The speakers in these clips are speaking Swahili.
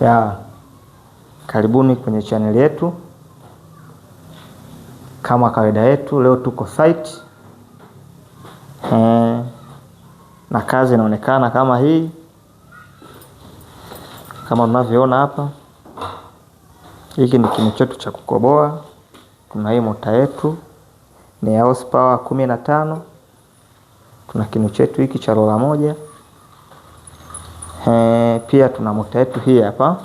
ya karibuni kwenye chaneli yetu. Kama kawaida yetu, leo tuko site e, na kazi inaonekana kama hii, kama mnavyoona hapa. Hiki ni kinu chetu cha kukoboa. Tuna hii mota yetu ni ya horsepower kumi na tano. Tuna kinu chetu hiki cha rola moja e, pia tuna mota yetu hii hapa.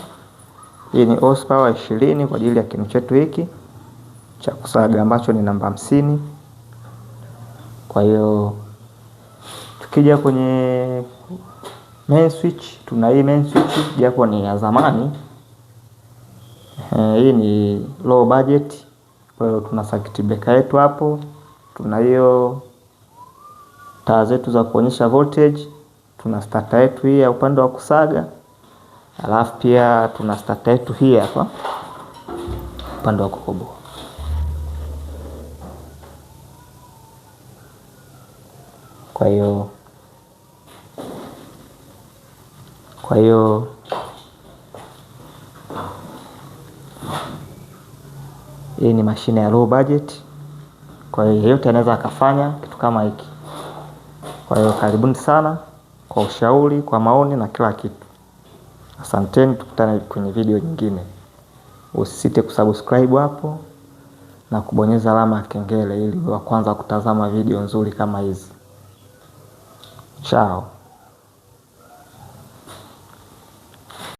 Hii ni horsepower ishirini kwa ajili ya kinu chetu hiki cha kusaga ambacho ni namba hamsini. Kwa hiyo tukija kwenye main switch, tuna hii main switch japo ni ya zamani. Eh, hii ni low budget. Kwa hiyo tuna circuit breaker yetu hapo, tuna hiyo taa zetu za kuonyesha voltage tuna starter yetu hii ya upande wa kusaga, alafu pia tuna starter yetu hii hapa upande wa kukoboa. Kwa hiyo kwa hiyo hii ni mashine ya low budget, kwa hiyo yeyote anaweza akafanya kitu kama hiki. Kwa hiyo karibuni sana kwa ushauri, kwa maoni na kila kitu. Asanteni, tukutane kwenye video nyingine. Usisite kusubscribe hapo na kubonyeza alama ya kengele ili wa kwanza kutazama video nzuri kama hizi. Chao.